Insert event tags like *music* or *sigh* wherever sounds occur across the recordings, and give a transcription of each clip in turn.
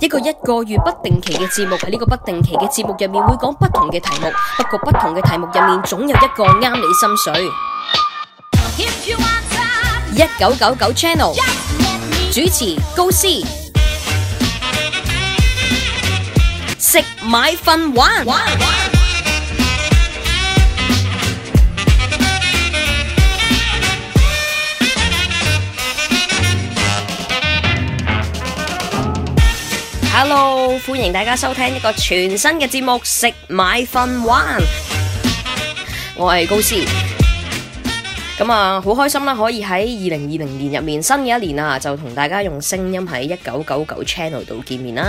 一個一個月不定期嘅節目，喺呢個不定期嘅節目入面會講不同嘅題目，不過不同嘅題目入面總有一個啱你心水。一九九九 channel 主持高斯食買瞓玩。Hello，歡迎大家收聽一個全新嘅節目食買瞓玩。我係高斯，咁啊，好開心啦！可以喺二零二零年入面新嘅一年啊，就同大家用聲音喺一九九九 channel 度見面啦。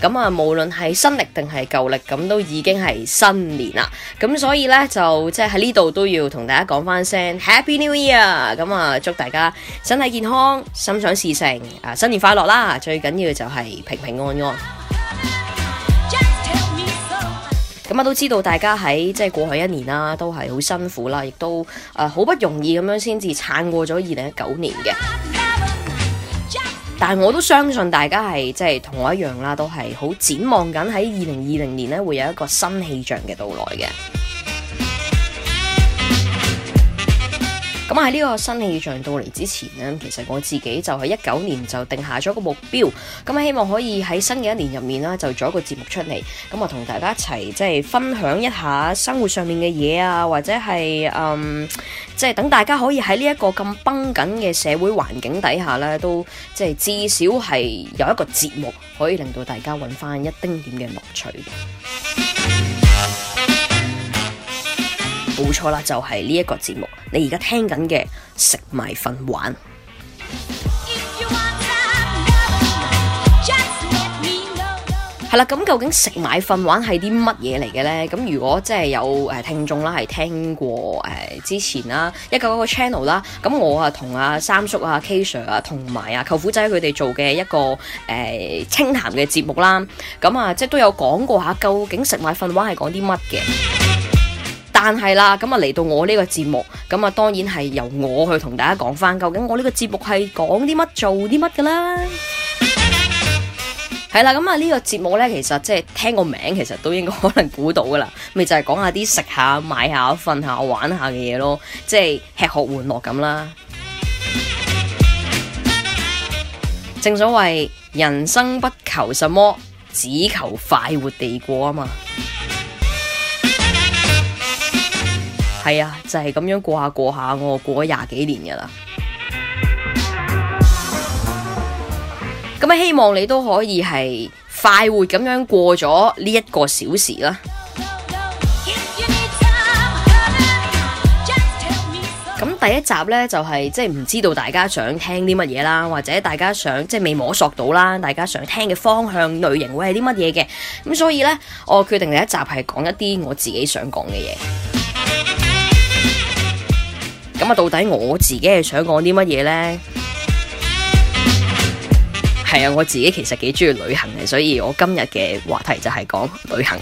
咁啊，無論係新歷定係舊歷，咁都已經係新年啦。咁所以呢，就即係喺呢度都要同大家講翻聲 Happy New Year。咁啊，祝大家身體健康，心想事成，啊新年快樂啦！最緊要就係平平安安。咁啊，都知道大家喺即係過去一年啦，都係好辛苦啦，亦都誒好、呃、不容易咁樣先至撐過咗二零一九年嘅。但係我都相信大家係即係同我一樣啦，都係好展望緊喺二零二零年咧會有一個新氣象嘅到來嘅。咁喺呢個新氣象到嚟之前呢，其實我自己就喺一九年就定下咗個目標，咁、嗯、希望可以喺新嘅一年入面啦，就做一個節目出嚟，咁、嗯、我同大家一齊即係分享一下生活上面嘅嘢啊，或者係嗯，即係等大家可以喺呢一個咁繃緊嘅社會環境底下呢，都即係、就是、至少係有一個節目可以令到大家搵返一丁點嘅樂趣。冇錯啦，就係呢一個節目，你而家聽緊嘅食買訓玩，係啦，咁究竟食買訓玩係啲乜嘢嚟嘅呢？咁如果即係有誒聽眾啦，係聽過誒之前啦，一九九個 channel 啦，咁我啊同阿三叔啊 K Sir 啊，同埋啊舅父仔佢哋做嘅一個誒清談嘅節目啦，咁啊即係都有講過下，究竟食買訓玩係講啲乜嘅。但係啦，咁啊嚟到我呢個節目，咁啊當然係由我去同大家講翻，究竟我呢個節目係講啲乜、做啲乜噶啦？係啦，咁啊呢個節目呢，其實即係聽個名，其實都應該可能估到噶啦，咪就係講下啲食下、買下、瞓下、玩下嘅嘢咯，即係吃喝玩樂咁啦。 *music* 正所謂人生不求什麼，只求快活地過啊嘛。係啊，就係咁樣過下過下，我過咗廿幾年噶啦。咁啊， *music* 希望你都可以係快活咁樣過咗呢一個小時啦。咁 *music* 第一集呢，就係即係唔知道大家想聽啲乜嘢啦，或者大家想即係未摸索到啦，大家想聽嘅方向類型會係啲乜嘢嘅。咁所以呢，我決定第一集係講一啲我自己想講嘅嘢。咁到底我自己係想講啲乜嘢呢？係 *music* 啊，我自己其實幾鍾意旅行嘅，所以我今日嘅話題就係講旅行。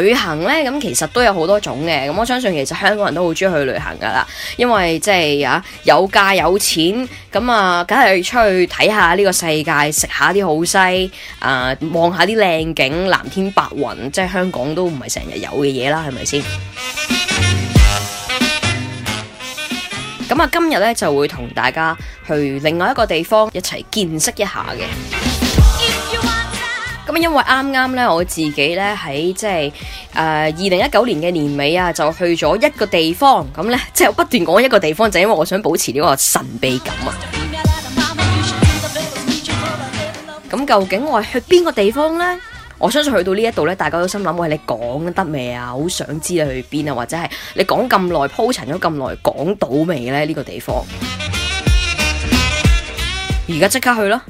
旅行呢，咁其實都有好多種嘅，咁我相信其實香港人都好中意去旅行噶啦，因為即係啊，有假有錢，咁啊梗係出去睇下呢個世界，食下啲好西，啊、呃、望下啲靚景，藍天白雲，即係香港都唔係成日有嘅嘢啦，係咪先？咁啊， *music* 今日呢，就會同大家去另外一個地方一齊見識一下嘅。咁啊，因為啱啱咧，我自己咧喺即係誒，二零一九年嘅年尾啊，就去咗一個地方。咁咧，即係我不斷講一個地方，就係因為我想保持呢個神秘感啊。咁究竟我係去邊個地方咧？我相信去到呢一度咧，大家都心諗，喂，你講得未啊？好想知你去邊啊，或者係你講咁耐，鋪陳咗咁耐，講到未咧呢個地方？而家即刻去咯！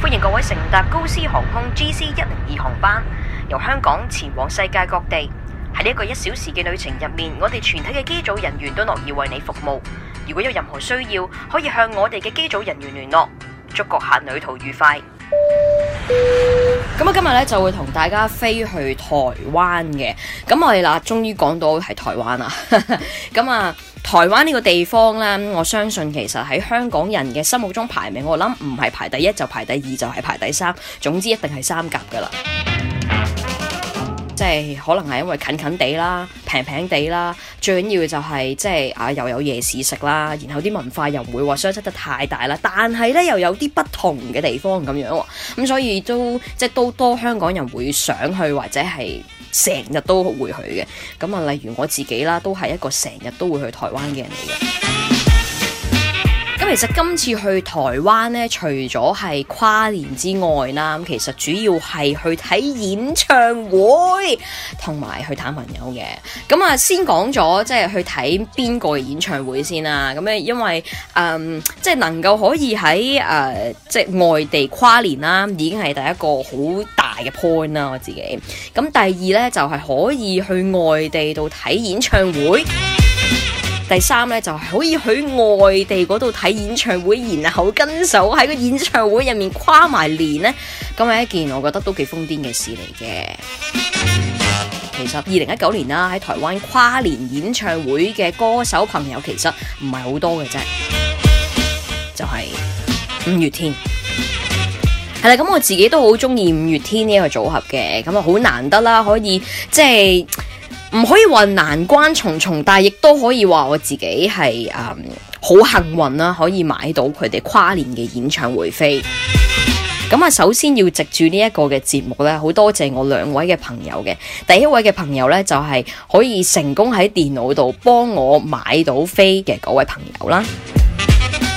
歡迎各位乘搭高斯航空 GC 一零二航班，由香港前往世界各地。喺呢一個一小時嘅旅程入面，我哋全體嘅機組人員都樂意為你服務。如果有任何需要，可以向我哋嘅機組人員聯絡。祝各客旅途愉快。 *noise* 咁啊，今日咧就會同大家飛去台灣嘅。咁我哋嗱，終於講到係台灣啦。咁啊，台灣呢個地方呢，我相信其實喺香港人嘅心目中排名，我諗唔係排第一就排第二，就係排第三。總之一定係三甲噶啦。即係可能係因為近近地啦，平平地啦，最緊要就係、是、即係啊又有夜市食啦，然後啲文化又唔會話相差得太大啦，但係呢，又有啲不同嘅地方咁樣，咁、嗯、所以都即係都多，多香港人會想去或者係成日都會去嘅，咁啊例如我自己啦，都係一個成日都會去台灣嘅人嚟嘅。其實今次去台灣咧，除咗係跨年之外啦，其實主要係去睇演唱會，同埋去探朋友嘅。咁啊，先講咗即係去睇邊個嘅演唱會先啦。咁咧，因為誒、呃，即係能夠可以喺誒、呃，即係外地跨年啦，已經係第一個好大嘅 point 啦。我自己咁第二咧，就係、是、可以去外地度睇演唱會。第三呢，就係可以去外地嗰度睇演唱會，然後跟手喺個演唱會入面跨埋年呢，咁係一件我覺得都幾瘋癲嘅事嚟嘅。其實二零一九年啦，喺台灣跨年演唱會嘅歌手朋友其實唔係好多嘅啫，就係五月天。係啦，咁我自己都好中意五月天呢一個組合嘅，咁啊好難得啦，可以即係。唔可以話難關重重，但係亦都可以話我自己係誒好幸運啦，可以買到佢哋跨年嘅演唱會飛。咁啊，首先要藉住呢一個嘅節目呢，好多謝我兩位嘅朋友嘅。第一位嘅朋友呢，就係、是、可以成功喺電腦度幫我買到飛嘅嗰位朋友啦。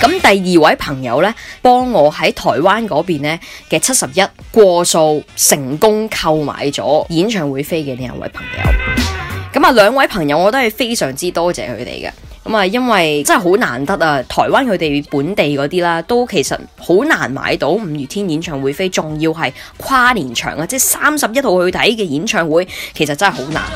咁第二位朋友呢，幫我喺台灣嗰邊呢嘅七十一過數成功購買咗演唱會飛嘅呢一位朋友。咁啊，兩位朋友我都係非常之多謝佢哋嘅。咁啊，因為真係好難得啊，台灣佢哋本地嗰啲啦，都其實好難買到五月天演唱會飛，仲要係跨年場啊，即係三十一號去睇嘅演唱會，其實真係好難。 *music*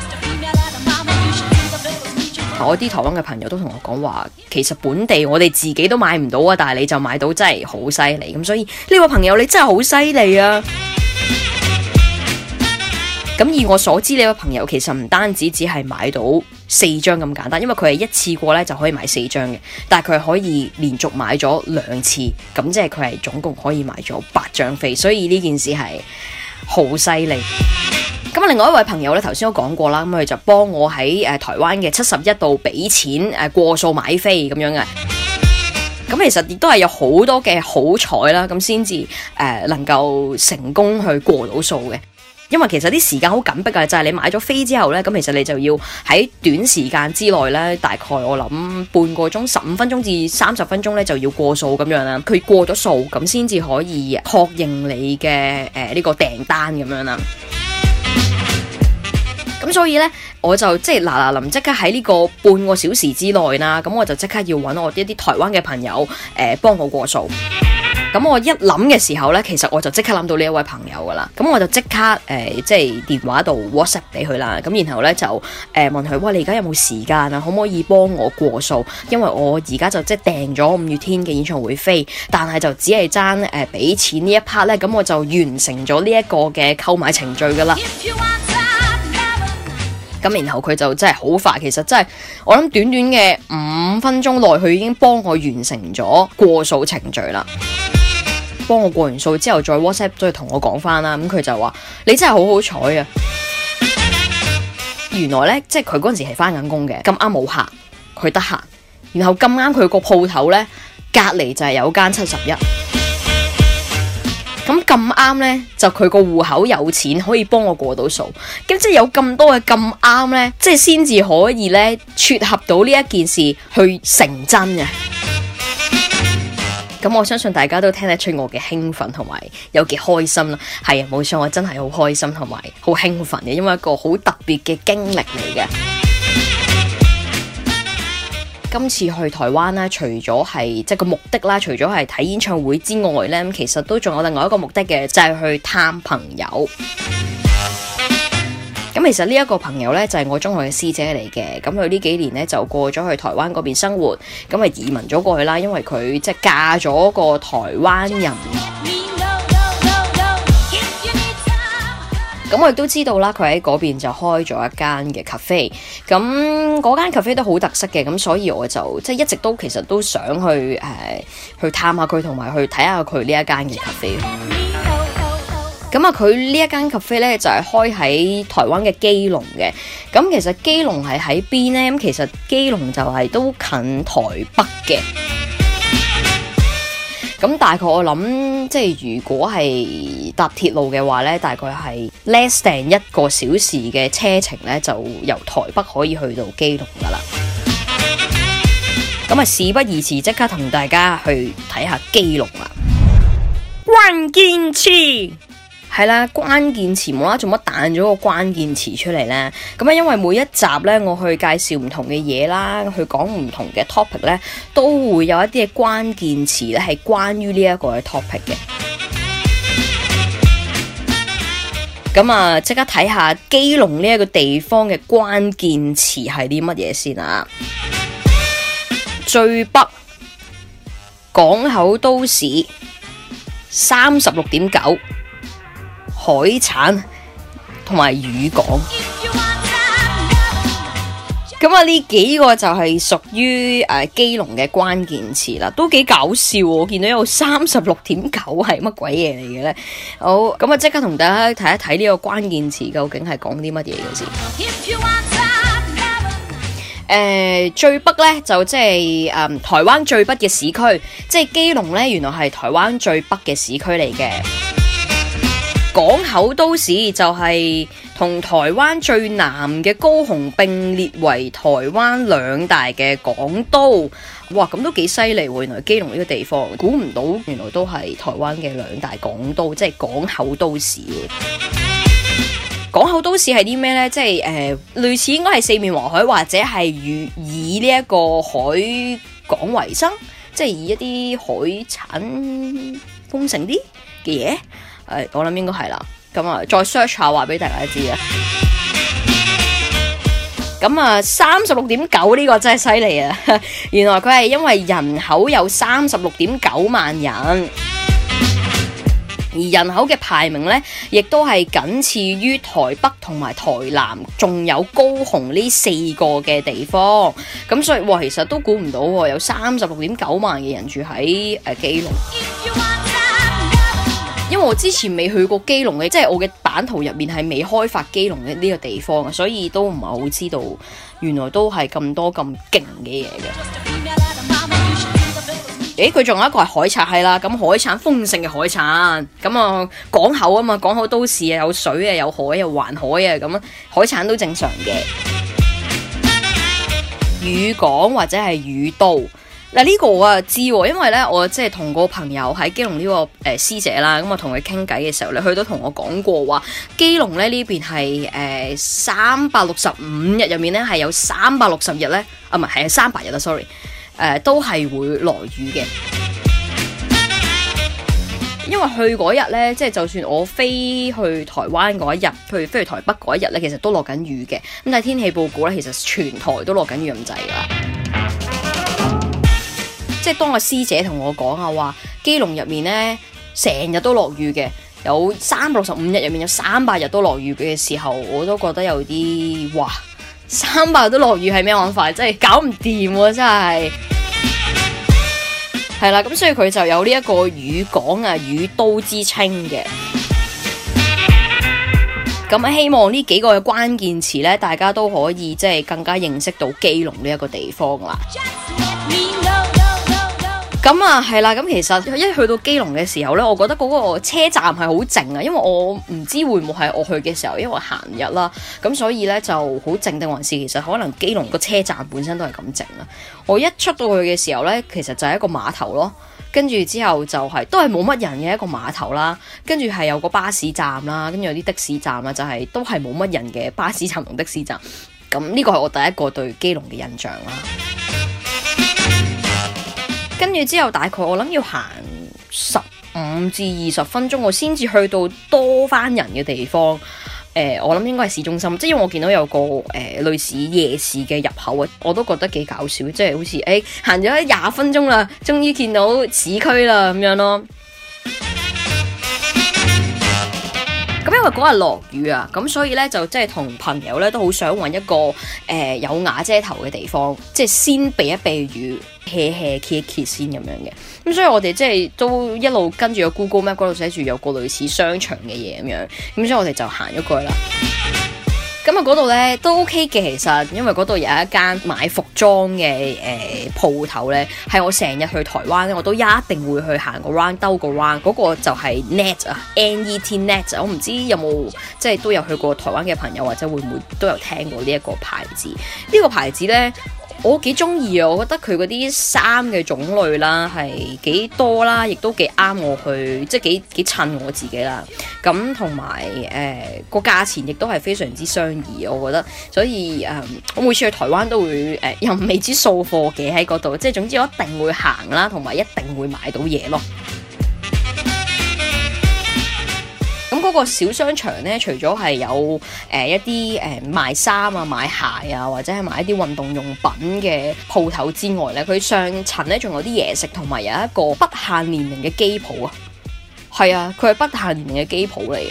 啊，我啲台灣嘅朋友都同我講話，其實本地我哋自己都買唔到啊，但係你就買到，真係好犀利。咁所以呢位朋友你真係好犀利啊！咁以我所知，呢位朋友其實唔單止只係買到四張咁簡單，因為佢係一次過呢就可以買四張嘅，但係佢可以連續買咗兩次，咁即係佢係總共可以買咗八張飛，所以呢件事係好犀利。咁 *noise* 另外一位朋友呢，頭先都講過、呃呃、過啦，咁佢就幫我喺誒台灣嘅七十一度俾錢誒過數買飛咁樣嘅。咁其實亦都係有好多嘅好彩啦，咁先至誒能夠成功去過到數嘅。因為其實啲時間好緊迫㗎，就係、是、你買咗飛之後呢，咁其實你就要喺短時間之內呢，大概我諗半個鐘、十五分鐘至三十分鐘呢，就要過數咁樣啦。佢過咗數，咁先至可以確認你嘅誒呢個訂單咁樣啦。咁 *music* 所以呢，我就即係嗱嗱臨即刻喺呢個半個小時之內啦，咁我就即刻要搵我一啲台灣嘅朋友誒，幫、呃、我過數。咁我一諗嘅時候呢，其實我就即刻諗到呢一位朋友噶啦，咁我就即刻誒、呃，即係電話度 WhatsApp 俾佢啦。咁然後呢，就誒、呃，問佢：喂，你而家有冇時間啊？可唔可以幫我過數？因為我而家就即係訂咗五月天嘅演唱會飛，但係就只係爭誒俾錢呢一 part 呢。咁我就完成咗呢一個嘅購買程序噶啦。咁然後佢就真係好快，其實真係我諗短短嘅五分鐘內，佢已經幫我完成咗過數程序啦。幫我過完數之後再 WhatsApp 再同我講翻啦，咁、嗯、佢就話你真係好好彩啊！ *music* 原來呢，即係佢嗰陣時係翻緊工嘅，咁啱冇客，佢得閒，然後咁啱佢個鋪頭呢，隔籬就係有間七十一，咁咁啱呢，就佢個戶口有錢可以幫我過到數，咁即係有咁多嘅咁啱呢，即係先至可以呢，撮合到呢一件事去成真嘅。 *music* 咁我相信大家都聽得出我嘅興奮同埋有幾開心啦。係啊，冇錯，我真係好開心同埋好興奮嘅，因為一個好特別嘅經歷嚟嘅。 *music* 今次去台灣呢，除咗係即係個目的啦，除咗係睇演唱會之外呢，其實都仲有另外一個目的嘅，就係去探朋友。咁其實呢一個朋友呢就係我中學嘅師姐嚟嘅，咁佢呢幾年呢就過咗去台灣嗰邊生活，咁係移民咗過去啦，因為佢即係嫁咗個台灣人。咁我亦都知道啦，佢喺嗰邊就開咗一間嘅 cafe，咁嗰間 cafe 都好特色嘅，咁所以我就即係一直都其實都想去誒去探下佢，同埋去睇下佢呢一間嘅 cafe。咁啊，佢呢一間 cafe 咧就係、是、開喺台灣嘅基隆嘅。咁其實基隆係喺邊呢？咁其實基隆就係都近台北嘅。咁 *music* 大概我諗，即係如果係搭鐵路嘅話呢，大概係 less than 一個小時嘅車程呢，就由台北可以去到基隆噶啦。咁啊， *music* 事不宜遲，即刻同大家去睇下基隆啦。關鍵詞。係啦，關鍵詞冇啦，做乜彈咗個關鍵詞出嚟呢？咁啊，因為每一集呢，我去介紹唔同嘅嘢啦，去講唔同嘅 topic 呢，都會有一啲嘅關鍵詞呢，係關於呢一個嘅 topic 嘅。咁 *music* 啊，即刻睇下基隆呢一個地方嘅關鍵詞係啲乜嘢先啊！最北港口都市三十六點九。海產同埋雨港，咁啊呢幾個就係屬於誒、基隆嘅關鍵詞啦，都幾搞笑喎！我見到有三十六點九係乜鬼嘢嚟嘅咧？好，咁啊即刻同大家睇一睇呢個關鍵詞究竟係講啲乜嘢先。誒、呃，最北咧就即係誒、嗯、台灣最北嘅市區，即係基隆咧，原來係台灣最北嘅市區嚟嘅。港口都市就係同台灣最南嘅高雄並列為台灣兩大嘅港都，哇！咁都幾犀利喎，原來基隆呢個地方，估唔到原來都係台灣嘅兩大港都，即係港口都市。 *music* 港口都市係啲咩呢？即係誒、呃，類似應該係四面環海，或者係以以呢一個海港為生，即係以一啲海產豐盛啲嘅嘢。誒，我諗應該係啦，咁啊再 search 下話俾大家知啊。咁啊、嗯，三十六點九呢個真係犀利啊！ *laughs* 原來佢係因為人口有三十六點九萬人，而人口嘅排名呢，亦都係僅次於台北同埋台南，仲有高雄呢四個嘅地方。咁所以，哇，其實都估唔到，啊，有三十六點九萬嘅人住喺誒基隆。因為我之前未去過基隆嘅，即係我嘅版圖入面係未開發基隆嘅呢個地方，所以都唔係好知道，原來都係咁多咁勁嘅嘢嘅。誒，佢 *noise* 仲樂有一個係海產係啦，咁海產豐盛嘅海產，咁啊、嗯、港口啊嘛，港口都市啊，有水啊，有海有環海啊，咁、嗯、啊海產都正常嘅。雨 *music* 港或者係雨都。嗱呢個我啊知喎，因為呢，我即係同個朋友喺基隆呢個誒師姐啦，咁我同佢傾偈嘅時候咧，佢都同我講過話，基隆咧呢邊係誒三百六十五日入面呢係有三百六十日呢，啊唔係係三百日啊，sorry，誒都係會落雨嘅，因為去嗰日呢，即係就算我飛去台灣嗰一日，譬如飛去台北嗰一日呢，其實都落緊雨嘅，咁但係天氣報告呢，其實全台都落緊雨咁滯噶啦。即係當個師姐同我講啊，話基隆入面呢，成日都落雨嘅，有三百六十五日入面有三百日都落雨嘅時候，我都覺得有啲哇，三百日都落雨係咩玩法？真係搞唔掂，啊，真係係啦。咁 *music* 所以佢就有呢一個雨港啊、雨都之稱嘅。咁 *music* 希望呢幾個嘅關鍵詞呢，大家都可以即係更加認識到基隆呢一個地方啦。 *music* 咁啊，係啦，咁其實一去到基隆嘅時候呢，我覺得嗰個車站係好靜啊，因為我唔知會唔會係我去嘅時候，因為我閒日啦，咁所以呢，就好靜定還是其實可能基隆個車站本身都係咁靜啊。我一出到去嘅時候呢，其實就係一個碼頭咯，跟住之後就係、是、都係冇乜人嘅一個碼頭啦，跟住係有個巴士站啦，跟住有啲的士站啊、就是，就係都係冇乜人嘅巴士站同的士站。咁呢個係我第一個對基隆嘅印象啦。跟住之後，大概我諗要行十五至二十分鐘，我先至去到多返人嘅地方。誒、呃，我諗應該係市中心，即係我見到有個誒、呃、類似夜市嘅入口啊，我都覺得幾搞笑，即係好似誒行咗廿分鐘啦，終於見到市區啦咁樣咯。咁因為嗰日落雨啊，咁所以呢，就即係同朋友呢都好想揾一個誒有瓦遮頭嘅地方，即係先避一避雨，歇歇歇歇先咁樣嘅。咁所以我哋即係都一路跟住個 Google Map 嗰度寫住有個類似商場嘅嘢咁樣，咁所以我哋就行咗過去啦。咁啊，嗰度呢都 OK 嘅，其實，因為嗰度有一間買服裝嘅誒鋪頭呢，係我成日去台灣呢，我都一定會去行個 round，兜個 round。嗰、嗰個就係 Net 啊，N E T Net，啊、我唔知有冇即係都有去過台灣嘅朋友或者會唔會都有聽過呢一個牌子？呢、呢個牌子呢。我幾中意啊！我覺得佢嗰啲衫嘅種類啦，係幾多啦，亦都幾啱我去，即係幾幾襯我自己啦。咁同埋誒個價錢亦都係非常之相宜，我覺得。所以誒、呃、我每次去台灣都會誒、呃、又未知掃貨嘅喺嗰度，即係總之我一定會行啦，同埋一定會買到嘢咯。個小商場呢，除咗係有誒、呃、一啲誒賣衫啊、賣鞋啊，或者係賣一啲運動用品嘅鋪頭之外呢，佢上層呢仲有啲嘢食，同埋有一個不限年齡嘅機鋪啊。係啊，佢係不限年齡嘅機鋪嚟嘅。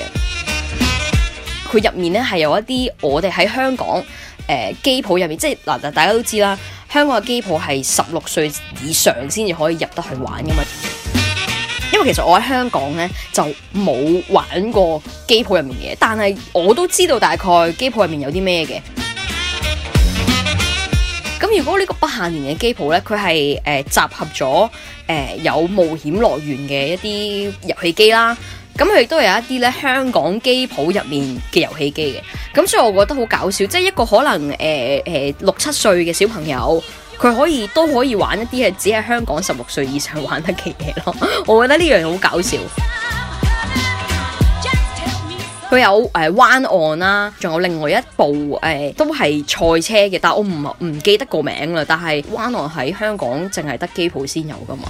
佢入面呢係有一啲我哋喺香港誒、呃、機鋪入面，即係嗱、呃、大家都知啦，香港嘅機鋪係十六歲以上先至可以入得去玩㗎嘛。因為其實我喺香港呢，就冇玩過機鋪入面嘅，但係我都知道大概機鋪入面有啲咩嘅。咁 *music* 如果呢個不限年嘅機鋪呢，佢係誒集合咗誒、呃、有冒險樂園嘅一啲遊戲機啦，咁佢亦都有一啲呢香港機鋪入面嘅遊戲機嘅。咁所以我覺得好搞笑，即係一個可能誒誒、呃呃、六七歲嘅小朋友。佢可以都可以玩一啲係只喺香港十六歲以上玩得嘅嘢咯， *laughs* 我覺得呢樣好搞笑。佢 *music* 有誒灣岸啦，仲、呃、On, 有另外一部誒、呃、都係賽車嘅，但係我唔唔記得個名啦。但係灣岸喺香港淨係得機鋪先有噶嘛。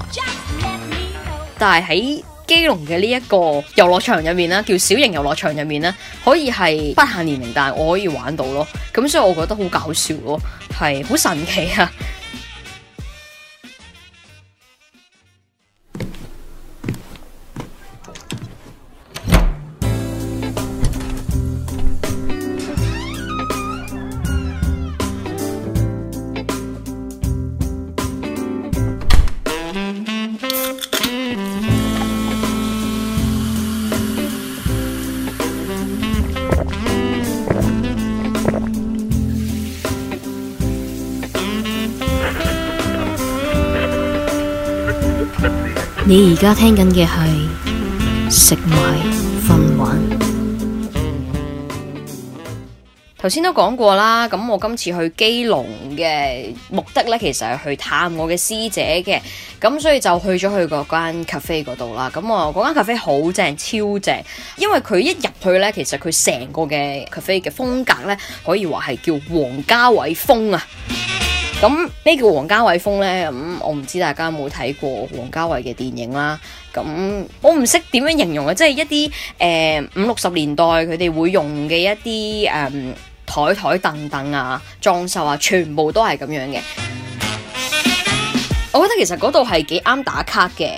但係喺基隆嘅呢一個遊樂場入面啦，叫小型遊樂場入面咧，可以係不限年齡，但係我可以玩到咯。咁所以我覺得好搞笑咯，係好神奇啊！你而家聽緊嘅係食買訓玩。頭先都講過啦，咁我今次去基隆嘅目的呢，其實係去探我嘅師姐嘅，咁所以就去咗去嗰間 cafe 嗰度啦。咁啊，嗰間 cafe 好正，超正，因為佢一入去呢，其實佢成個嘅 cafe 嘅風格呢，可以話係叫王家衛風啊。咁呢、嗯、叫王家衛風呢，咁、嗯、我唔知大家有冇睇過王家衛嘅電影啦。咁、嗯、我唔識點樣形容啊，即係一啲誒五六十年代佢哋會用嘅一啲誒台台凳凳啊、裝修啊，全部都係咁樣嘅。嗯、我覺得其實嗰度係幾啱打卡嘅，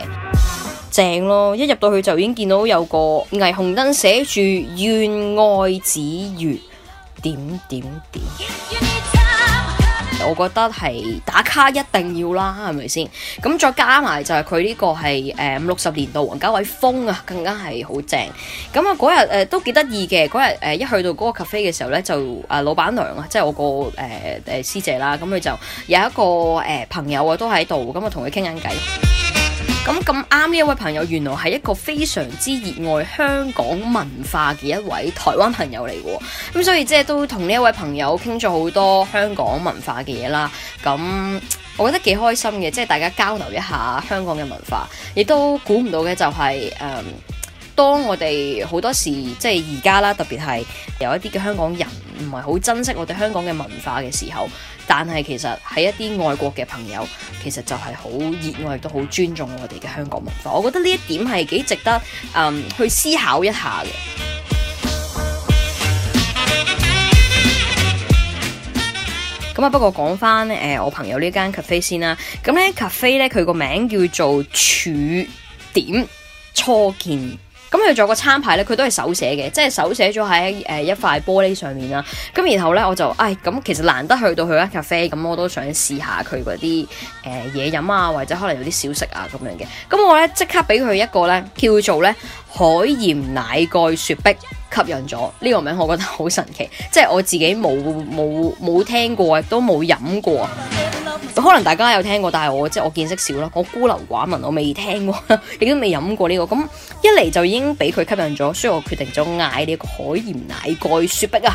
正咯。一入到去就已經見到有個霓虹燈寫住《願愛紫月》點點點，點。我覺得係打卡一定要啦，係咪先？咁再加埋就係佢呢個係誒五六十年代王家衛風啊，更加係好正。咁啊嗰日誒都幾得意嘅。嗰日誒一去到嗰個 cafe 嘅時候咧，就誒老闆娘啊，即係我個誒誒師姐啦，咁佢就有一個誒、呃、朋友啊都喺度，咁啊同佢傾緊偈。咁咁啱呢一位朋友，原來係一個非常之熱愛香港文化嘅一位台灣朋友嚟嘅，咁所以即係都同呢一位朋友傾咗好多香港文化嘅嘢啦。咁我覺得幾開心嘅，即係大家交流一下香港嘅文化，亦都估唔到嘅就係、是、誒、嗯，當我哋好多時即係而家啦，特別係有一啲嘅香港人唔係好珍惜我哋香港嘅文化嘅時候。但係其實喺一啲外國嘅朋友，其實就係好熱愛都好尊重我哋嘅香港文化，我覺得呢一點係幾值得誒、嗯、去思考一下嘅。咁啊， *music* 不過講翻咧誒，我朋友呢間 cafe 先啦。咁咧 cafe 咧，佢個名叫做柱點初見。咁佢仲有個餐牌咧，佢都係手寫嘅，即係手寫咗喺誒一塊玻璃上面啦。咁然後咧，我就唉，咁其實難得去到佢間咖啡，咁我都想試下佢嗰啲誒嘢飲啊，或者可能有啲小食啊咁樣嘅。咁我咧即刻俾佢一個咧叫做咧海鹽奶蓋雪碧，吸引咗呢個名，我覺得好神奇，即係我自己冇冇冇聽過，亦都冇飲過。可能大家有聽過，但係我即係我見識少啦，我孤陋寡聞，我未聽過，亦都未飲過呢個。咁一嚟就已經俾佢吸引咗，所以我決定咗嗌呢一個海鹽奶蓋雪碧啊。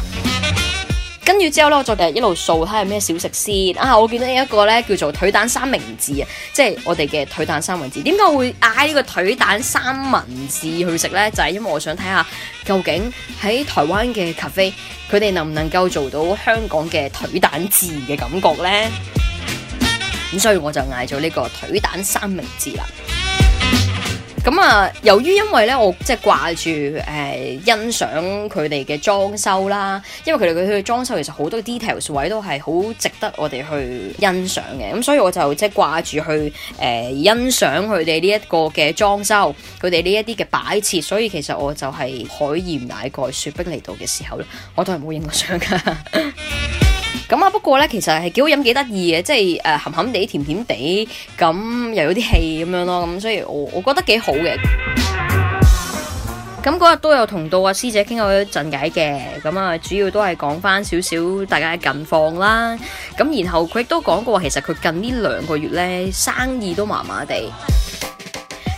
跟住 *music* 之後呢，我就其實一路掃睇下有咩小食先。啊，我見到一個呢叫做腿蛋三明治啊，即係我哋嘅腿蛋三文治。點解會嗌呢個腿蛋三文治去食呢？就係因為我想睇下究竟喺台灣嘅 cafe，佢哋能唔能夠做到香港嘅腿蛋治嘅感覺呢？咁所以我就嗌咗呢個腿蛋三明治啦。咁啊，由於因為咧，我即係掛住誒、呃、欣賞佢哋嘅裝修啦。因為佢哋佢佢嘅裝修其實好多 details 位都係好值得我哋去欣賞嘅。咁所以我就即係掛住去誒、呃、欣賞佢哋呢一個嘅裝修，佢哋呢一啲嘅擺設。所以其實我就係海鹽奶蓋雪碧嚟到嘅時候咧，我都係冇影過相㗎。咁啊，不過咧，其實係幾好飲、幾得意嘅，即係誒、呃、鹹鹹地、甜甜地，咁又有啲氣咁樣咯，咁所以我我覺得幾好嘅。咁嗰 *music* 日都有同到啊師姐傾過一陣偈嘅，咁啊主要都係講翻少少大家嘅近況啦。咁然後佢亦都講過，其實佢近呢兩個月咧生意都麻麻地。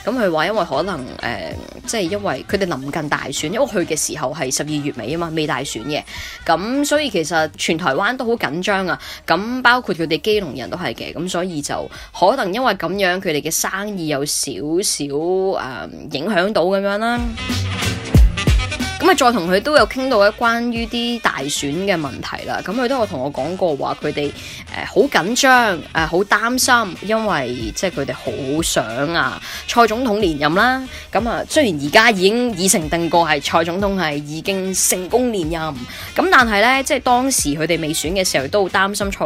咁佢話因為可能誒、呃，即係因為佢哋臨近大選，因為去嘅時候係十二月尾啊嘛，未大選嘅，咁所以其實全台灣都好緊張啊，咁包括佢哋基隆人都係嘅，咁所以就可能因為咁樣，佢哋嘅生意有少少誒、呃，影響到咁樣啦。咁啊，再同佢都有傾到一關於啲大選嘅問題啦。咁佢都有同我講過，話佢哋誒好緊張，誒、呃、好擔心，因為即係佢哋好想啊蔡總統連任啦。咁、嗯、啊，雖然而家已經已成定過係蔡總統係已經成功連任，咁但係呢，即係當時佢哋未選嘅時候都好擔心蔡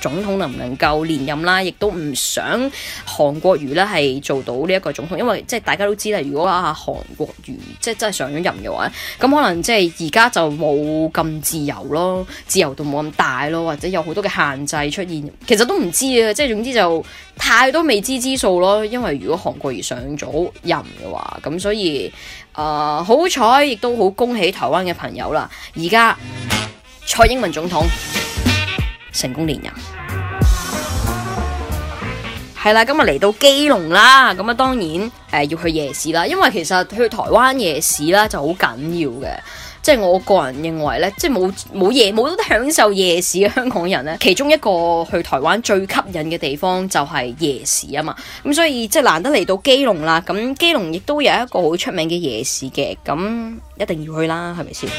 總統能唔能夠連任啦，亦都唔想韓國瑜呢係做到呢一個總統，因為即係大家都知啦，如果啊韓國瑜即係真係上咗任嘅話咁可能即係而家就冇咁自由咯，自由度冇咁大咯，或者有好多嘅限制出現。其實都唔知啊，即係總之就太多未知之數咯。因為如果韓國瑜上咗任嘅話，咁所以，誒好彩亦都好恭喜台灣嘅朋友啦！而家蔡英文總統成功連任。係啦，咁啊嚟到基隆啦，咁啊當然誒、呃、要去夜市啦，因為其實去台灣夜市啦就好緊要嘅，即係我個人認為呢，即係冇冇夜冇得享受夜市嘅香港人呢，其中一個去台灣最吸引嘅地方就係夜市啊嘛，咁、嗯、所以即係難得嚟到基隆啦，咁、嗯、基隆亦都有一個好出名嘅夜市嘅，咁、嗯、一定要去啦，係咪先？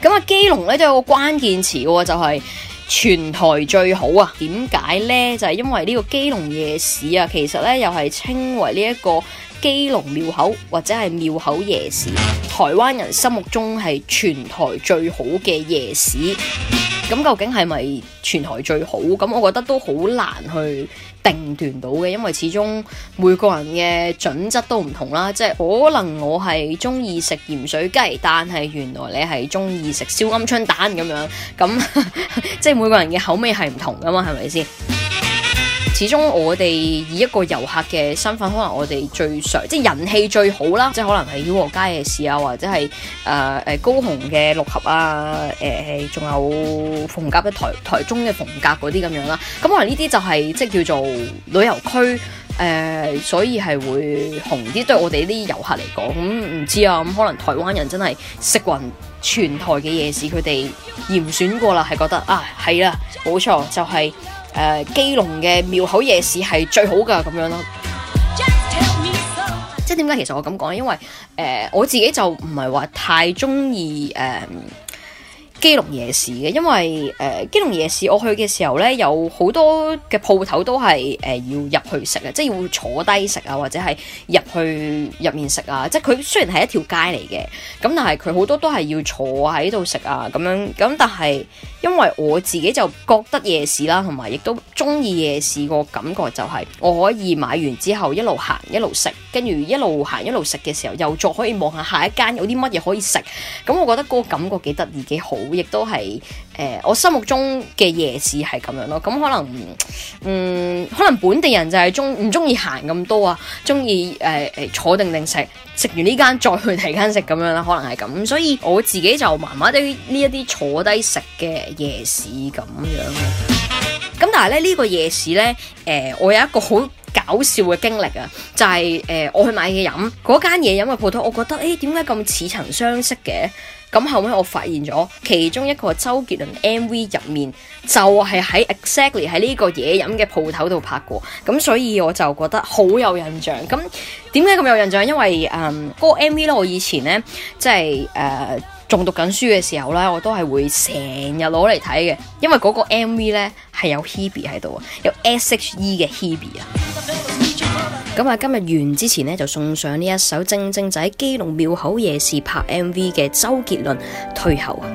咁啊、嗯、基隆呢都有個關鍵詞喎，就係、是。全台最好啊？點解呢？就係因為呢個基隆夜市啊，其實呢，又係稱為呢一個基隆廟口或者係廟口夜市，台灣人心目中係全台最好嘅夜市。咁究竟係咪全台最好？咁我覺得都好難去定斷到嘅，因為始終每個人嘅準則都唔同啦，即係可能我係中意食鹽水雞，但係原來你係中意食燒鵪鶉蛋咁樣，咁 *laughs* 即係每個人嘅口味係唔同㗎嘛，係咪先？始終我哋以一個遊客嘅身份，可能我哋最上即係人氣最好啦，即係可能係饒河街夜市啊，或者係誒誒高雄嘅六合啊，誒、呃、仲有逢甲嘅台台中嘅逢甲嗰啲咁樣啦。咁可能呢啲就係、是、即係叫做旅遊區誒、呃，所以係會紅啲對我哋啲遊客嚟講。咁、嗯、唔知啊，咁、嗯、可能台灣人真係食勻全台嘅夜市，佢哋嚴選過啦，係覺得啊係啦，冇錯就係、是。誒、呃、基隆嘅廟口夜市係最好㗎咁樣咯，so. 即係點解其實我咁講咧？因為誒、呃、我自己就唔係話太中意誒、呃基隆夜市嘅，因為誒、呃、基隆夜市我去嘅時候呢，有好多嘅鋪頭都係誒、呃、要入去食啊，即係要坐低食啊，或者係入去入面食啊。即係佢雖然係一條街嚟嘅，咁但係佢好多都係要坐喺度食啊咁樣。咁但係因為我自己就覺得夜市啦，同埋亦都中意夜市個感覺，就係，就係我可以買完之後一路行一路食，跟住一路行一路食嘅時候，又再可以望下下一間有啲乜嘢可以食。咁我覺得嗰個感覺幾得意幾好。亦都係，誒、呃，我心目中嘅夜市係咁樣咯。咁可能，嗯，可能本地人就係中唔中意行咁多啊，中意誒誒坐定定食，食完呢間再去第二間食咁樣啦。可能係咁，所以我自己就麻麻地呢一啲坐低食嘅夜市咁樣。咁、嗯、但係咧呢、呢個夜市咧，誒、呃，我有一個好搞笑嘅經歷啊，就係、是、誒、呃、我去買嘢飲嗰間嘢飲嘅鋪頭，我覺得誒點解咁似曾相識嘅？咁後尾我發現咗，其中一個周杰倫 M V 入面就係喺 Exactly 喺呢個嘢飲嘅鋪頭度拍過，咁所以我就覺得好有印象。咁點解咁有印象？因為誒嗰個 M V 呢，我以前呢，即係誒仲讀緊書嘅時候呢，我都係會成日攞嚟睇嘅，因為嗰個 M V 呢，係有 Hebe 喺度啊，有 S H E 嘅 Hebe 啊。咁啊，今日完之前呢，就送上呢一首正正就喺基隆廟口夜市拍 MV 嘅周杰倫《退後》啊！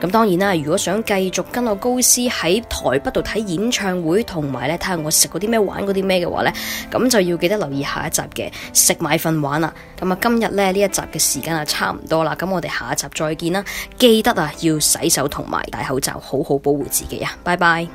咁當然啦，如果想繼續跟我高斯喺台北度睇演唱會，同埋咧睇下我食嗰啲咩，玩嗰啲咩嘅話呢，咁就要記得留意下一集嘅食買訓玩啦！咁啊，今日呢，呢一集嘅時間啊差唔多啦，咁我哋下一集再見啦！記得啊要洗手同埋戴口罩，好好保護自己啊！拜拜。